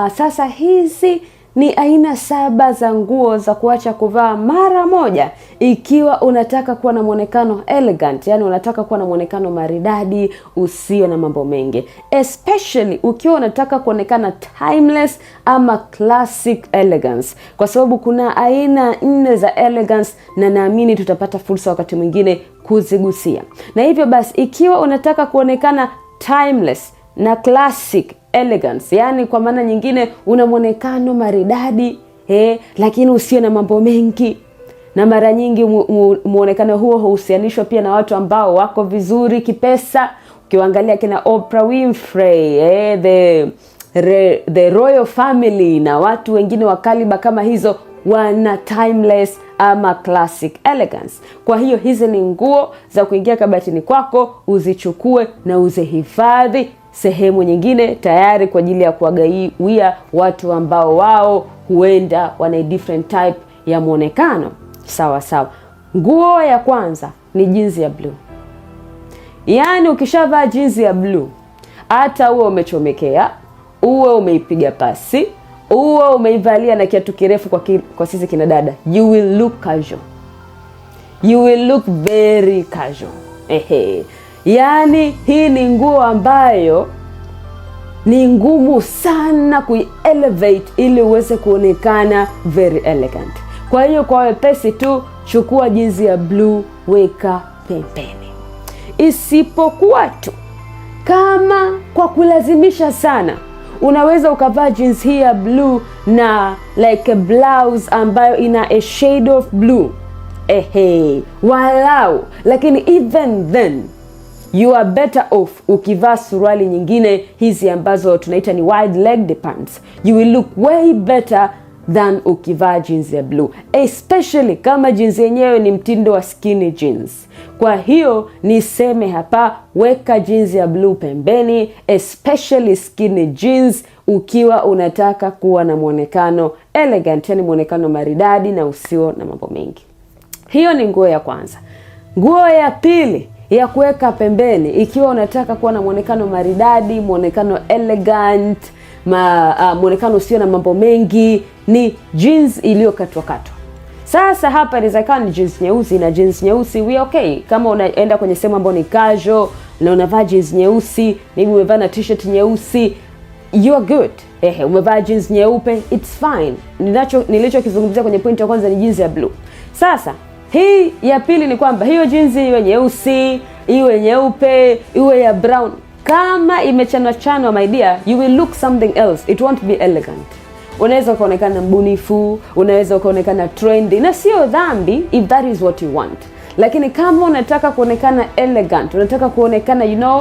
Ah, sasa hizi ni aina saba za nguo za kuacha kuvaa mara moja, ikiwa unataka kuwa na mwonekano elegant, yani unataka kuwa na mwonekano maridadi usio na mambo mengi, especially ukiwa unataka kuonekana timeless ama classic elegance, kwa sababu kuna aina nne za elegance, na naamini tutapata fursa wakati mwingine kuzigusia. Na hivyo basi, ikiwa unataka kuonekana timeless na classic elegance, yani kwa maana nyingine una mwonekano maridadi eh, lakini usio na mambo mengi na mara nyingi muonekano huo huhusianishwa pia na watu ambao wako vizuri kipesa. Ukiwaangalia kina Oprah Winfrey eh, the, re, the royal family na watu wengine wa kaliba kama hizo wana timeless ama classic elegance. Kwa hiyo hizi ni nguo za kuingia kabatini kwako, uzichukue na uzihifadhi sehemu nyingine tayari kwa ajili ya kuwagawia watu ambao wao huenda wana different type ya mwonekano. Sawa sawa. Nguo ya kwanza ni jinsi ya bluu, yaani ukishavaa jinsi ya bluu, hata uwe umechomekea, uwe umeipiga pasi, uwe umeivalia na kiatu kirefu, kwa, ki, kwa sisi kina dada, you will look casual, you will look very casual. Ehe. Yaani hii ni nguo ambayo ni ngumu sana kuielevate ili uweze kuonekana very elegant. Kwa hiyo kwa wepesi tu, chukua jinsi ya bluu, weka pembeni, isipokuwa tu kama kwa kulazimisha sana unaweza ukavaa jeans hii ya bluu na like a blouse ambayo ina a shade of blue, ehe, walau. Lakini even then you are better off ukivaa suruali nyingine hizi ambazo tunaita ni wide leg pants. You will look way better than ukivaa jeans ya blue, especially kama jeans yenyewe ni mtindo wa skinny jeans. Kwa hiyo niseme hapa, weka jeans ya blue pembeni, especially skinny jeans, ukiwa unataka kuwa na mwonekano elegant, yani mwonekano maridadi na usio na mambo mengi. Hiyo ni nguo ya kwanza. Nguo ya pili ya kuweka pembeni ikiwa unataka kuwa na mwonekano maridadi, mwonekano elegant ma, uh, mwonekano usio na mambo mengi ni jeans iliyokatwakatwa. Sasa hapa inaweza ikawa ni jeans nyeusi na jeans nyeusi we okay. Kama unaenda kwenye sehemu ambayo ni casual na unavaa jeans nyeusi, maybe umevaa na t-shirt nyeusi you are good. Ehe, umevaa jeans nyeupe it's fine. nilichokizungumzia kwenye pointi ya kwanza ni jeans ya blue. Sasa hii ya pili ni kwamba hiyo jinzi iwe nyeusi, iwe nyeupe, iwe ya brown, kama imechanwa chanwa, my dear, you will look something else, it won't be elegant. Unaweza ukaonekana mbunifu, unaweza ukaonekana trendy, na sio dhambi if that is what you want, lakini kama unataka kuonekana elegant, unataka kuonekana you know,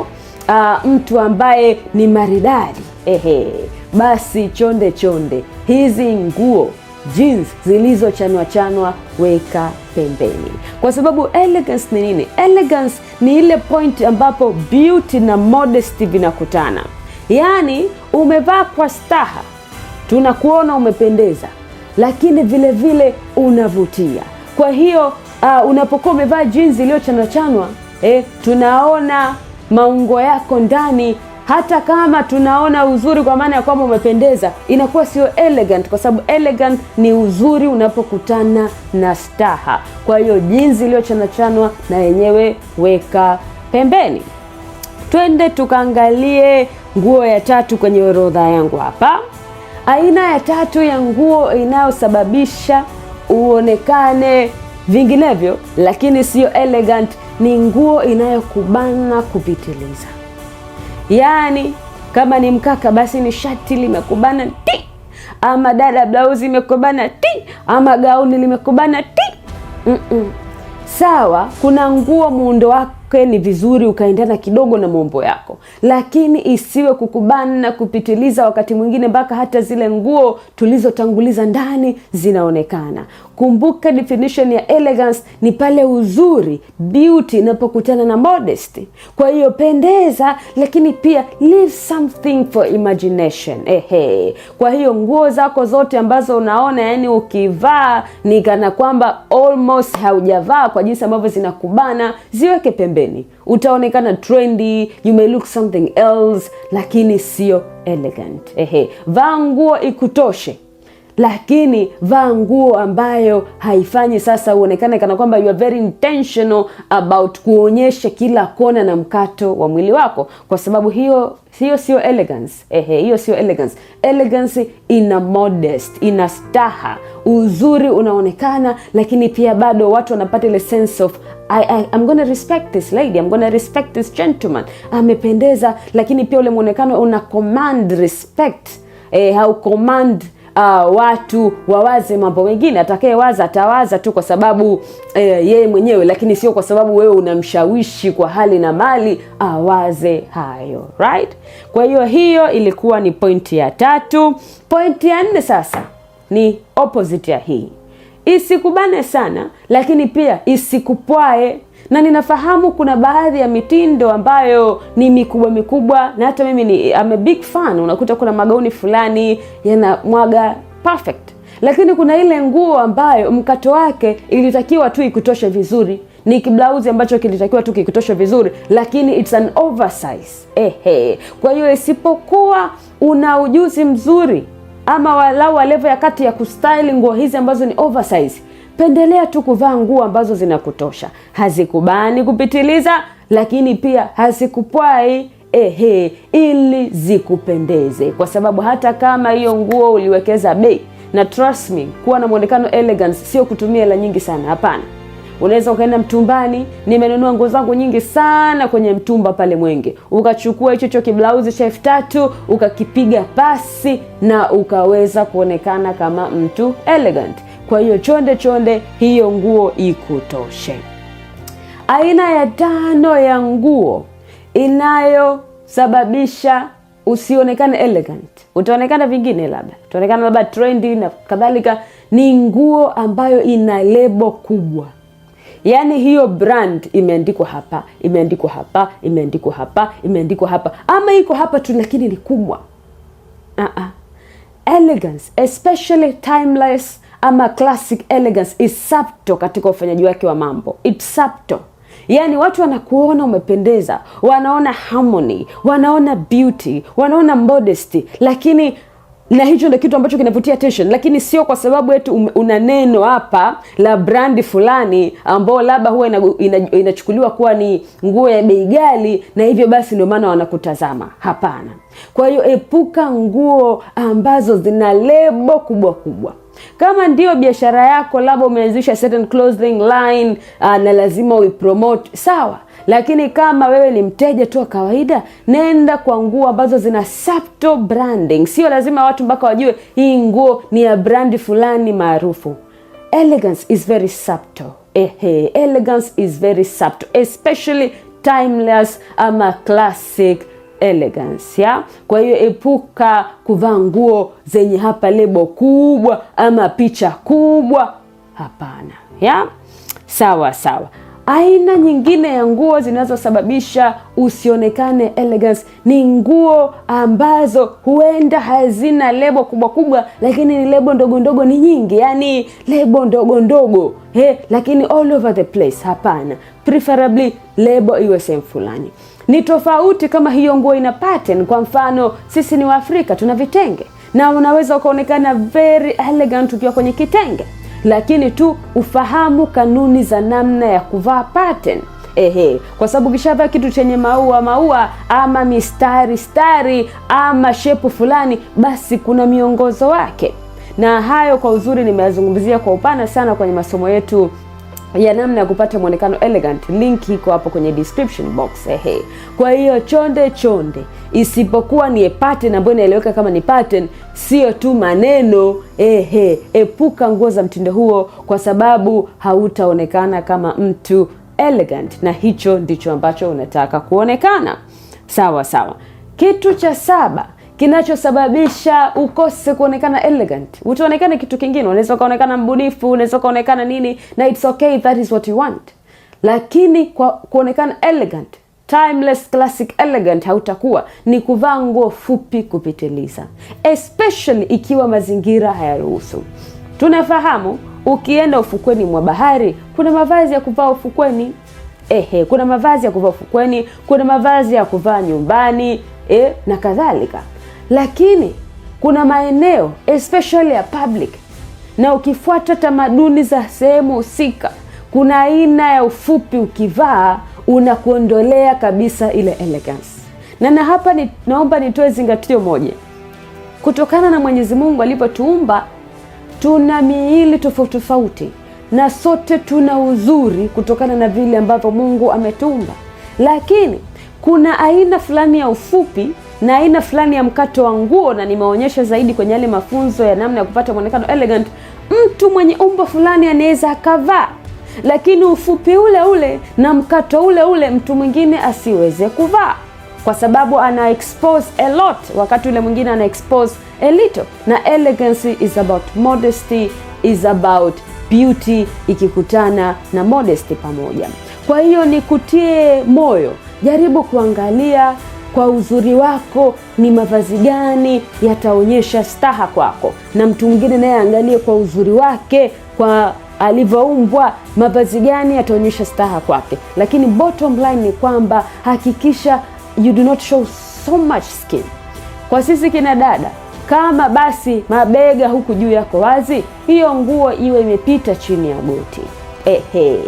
uh, mtu ambaye ni maridadi, ehe, basi chonde chonde hizi nguo jeans zilizochanwa chanwa weka pembeni, kwa sababu elegance ni nini? Elegance ni ile point ambapo beauty na modesty vinakutana. Yaani umevaa kwa staha, tunakuona umependeza, lakini vile vile unavutia. Kwa hiyo uh, unapokuwa umevaa jeans chanwa, eh, tunaona maungo yako ndani hata kama tunaona uzuri kwa maana ya kwamba umependeza, inakuwa sio elegant, kwa sababu elegant ni uzuri unapokutana na staha. Kwa hiyo jinsi iliyochanachanwa na yenyewe weka pembeni. Twende tukaangalie nguo ya tatu kwenye orodha yangu hapa. Aina ya tatu ya nguo inayosababisha uonekane vinginevyo, lakini siyo elegant, ni nguo inayokubana kupitiliza. Yaani kama ni mkaka basi ni shati limekubana ti, ama dada blauzi imekubana ti, ama gauni limekubana ti. Mm -mm. Sawa, kuna nguo muundo wake kwa ni vizuri ukaendana kidogo na mambo yako, lakini isiwe kukubana na kupitiliza, wakati mwingine mpaka hata zile nguo tulizotanguliza ndani zinaonekana. Kumbuka definition ya elegance ni pale uzuri, beauty inapokutana na modesty. Kwa hiyo pendeza, lakini pia leave something for imagination. Ehe, kwa hiyo nguo zako zote ambazo unaona yani ukivaa ni kana kwamba almost haujavaa kwa jinsi ambavyo zinakubana, ziweke pembeni pembeni. Utaonekana trendy, you may look something else, lakini sio elegant. Ehe, vaa nguo ikutoshe lakini vaa nguo ambayo haifanyi sasa uonekane kana kwamba you are very intentional about kuonyesha kila kona na mkato wa mwili wako, kwa sababu hiyo hiyo sio elegance. Ehe, hiyo sio elegance. Elegance ina modest, ina staha, uzuri unaonekana, lakini pia bado watu wanapata ile sense of I, I, I'm gonna respect this lady, I'm gonna respect this gentleman. Amependeza, lakini pia ule mwonekano una command respect Eh, how command Uh, watu wawaze mambo mengine. Atakayewaza atawaza tu kwa sababu eh, yeye mwenyewe, lakini sio kwa sababu wewe unamshawishi kwa hali na mali awaze hayo right. Kwa hiyo hiyo ilikuwa ni pointi ya tatu. Pointi ya nne sasa ni opposite ya hii isikubane sana, lakini pia isikupwae na ninafahamu kuna baadhi ya mitindo ambayo ni mikubwa mikubwa, na hata mimi ni I'm a big fan. Unakuta kuna magauni fulani mwaga perfect, lakini kuna ile nguo ambayo mkato wake ilitakiwa tu ikutoshe vizuri, ni kiblauzi ambacho kilitakiwa tu kikutoshe vizuri, lakini it's an oversize. Ehe, kwa hiyo isipokuwa una ujuzi mzuri ama walau wa level ya kati ya kustyle nguo hizi ambazo ni oversize, pendelea tu kuvaa nguo ambazo zinakutosha, hazikubani kupitiliza, lakini pia hazikupwai ehe, ili zikupendeze, kwa sababu hata kama hiyo nguo uliwekeza bei, na trust me, kuwa na mwonekano elegance sio kutumia hela nyingi sana, hapana. Unaweza ukaenda Mtumbani, nimenunua nguo zangu nyingi sana kwenye Mtumba pale Mwenge, ukachukua hicho cho kiblauzi cha elfu tatu ukakipiga pasi na ukaweza kuonekana kama mtu elegant. Kwa hiyo chonde chonde, hiyo nguo ikutoshe. Aina ya tano ya nguo inayosababisha usionekane elegant, utaonekana vingine, labda utaonekana labda trendy na kadhalika, ni nguo ambayo ina lebo kubwa. Yaani hiyo brand imeandikwa hapa, imeandikwa hapa, imeandikwa hapa, imeandikwa hapa, ama iko hapa tu, lakini ni kubwa. uh -uh. Elegance especially timeless ama classic elegance is subtle katika ufanyaji wake wa mambo, it's subtle. Yaani watu wanakuona umependeza, wanaona harmony, wanaona beauty, wanaona modesty, lakini na hicho ndio kitu ambacho kinavutia attention, lakini sio kwa sababu eti una neno hapa la brandi fulani ambao labda huwa inachukuliwa kuwa ni nguo ya bei ghali, na hivyo basi ndio maana wanakutazama. Hapana. Kwa hiyo epuka nguo ambazo zina lebo kubwa kubwa. Kama ndiyo biashara yako, labda umeanzisha certain clothing line, uh, na lazima uipromote, sawa lakini kama wewe ni mteja tu wa kawaida, nenda kwa nguo ambazo zina subtle branding. Sio lazima watu mpaka wajue hii nguo ni ya brandi fulani maarufu. Elegance is very subtle. Ehe, elegance is very subtle, especially timeless ama classic elegance ya. Kwa hiyo epuka kuvaa nguo zenye hapa lebo kubwa ama picha kubwa. Hapana ya, sawa sawa. Aina nyingine ya nguo zinazosababisha usionekane elegance ni nguo ambazo huenda hazina lebo kubwa kubwa, lakini ni lebo ndogo ndogo ni nyingi, yani lebo ndogo ndogo eh, lakini all over the place. Hapana, preferably lebo iwe sehemu fulani. Ni tofauti kama hiyo nguo ina pattern. Kwa mfano sisi ni Waafrika tuna vitenge, na unaweza ukaonekana very elegant ukiwa kwenye kitenge lakini tu ufahamu kanuni za namna ya kuvaa pattern. Ehe, kwa sababu ukishavaa kitu chenye maua maua ama mistari stari ama shepu fulani, basi kuna miongozo wake, na hayo kwa uzuri nimeyazungumzia kwa upana sana kwenye masomo yetu ya namna ya kupata mwonekano elegant. Link iko hapo kwenye description box ehe. Kwa hiyo chonde chonde, isipokuwa ni pattern ambayo inaeleweka kama ni pattern, sio tu maneno ehe. Epuka nguo za mtindo huo, kwa sababu hautaonekana kama mtu elegant, na hicho ndicho ambacho unataka kuonekana. Sawa sawa. Kitu cha saba kinachosababisha ukose kuonekana elegant. Utaonekana kitu kingine, unaweza ukaonekana mbunifu, unaweza ukaonekana nini, na it's okay, that is what you want, lakini kwa kuonekana elegant, timeless, classic elegant hautakuwa. Ni kuvaa nguo fupi kupitiliza, especially ikiwa mazingira hayaruhusu. Tunafahamu ukienda ufukweni mwa bahari kuna mavazi ya kuvaa ufukweni. Ehe, kuna mavazi ya kuvaa ufukweni, kuna mavazi ya kuvaa nyumbani, e, na kadhalika lakini kuna maeneo especially ya public, na ukifuata tamaduni za sehemu husika, kuna aina ya ufupi ukivaa unakuondolea kabisa ile elegance. Na na hapa ni, naomba nitoe zingatio moja, kutokana na Mwenyezi Mungu alipotuumba tuna miili tofauti tofauti na sote tuna uzuri kutokana na vile ambavyo Mungu ametuumba, lakini kuna aina fulani ya ufupi na aina fulani ya mkato wa nguo, na nimeonyesha zaidi kwenye yale mafunzo ya namna ya kupata mwonekano elegant. Mtu mwenye umbo fulani anaweza akavaa, lakini ufupi ule ule na mkato ule ule mtu mwingine asiweze kuvaa, kwa sababu ana expose a lot, wakati ule mwingine ana expose a little. Na elegance is about modesty, is about beauty ikikutana na modesty pamoja. Kwa hiyo nikutie moyo, jaribu kuangalia kwa uzuri wako, ni mavazi gani yataonyesha staha kwako, na mtu mwingine naye aangalie kwa uzuri wake, kwa alivyoumbwa mavazi gani yataonyesha staha kwake. Lakini bottom line ni kwamba hakikisha you do not show so much skin. Kwa sisi kina dada, kama basi mabega huku juu yako wazi, hiyo nguo iwe imepita chini ya goti ehe,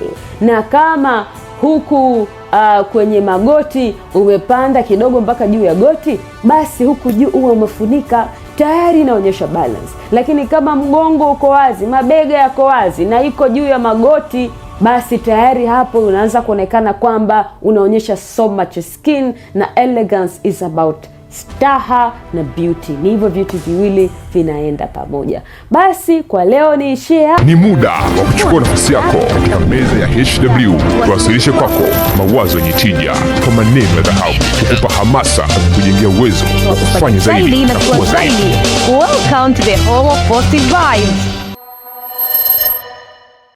na kama huku uh, kwenye magoti umepanda kidogo mpaka juu ya goti, basi huku juu huwa umefunika tayari inaonyesha balance. Lakini kama mgongo uko wazi, mabega yako wazi na iko juu ya magoti basi tayari hapo unaanza kuonekana kwamba unaonyesha so much skin na elegance is about staha na beauty, ni hivyo vitu viwili vinaenda pamoja. Basi kwa leo niishie hapa. Ni muda wa kuchukua nafasi yako katika meza ya HW, tuwasilishe kwako mawazo yenye tija kwa maneno ya dhahabu, kukupa hamasa, kujengea uwezo wa kufanya zaidi na kuwa zaidi. Welcome to the Hall of Positive Vibes.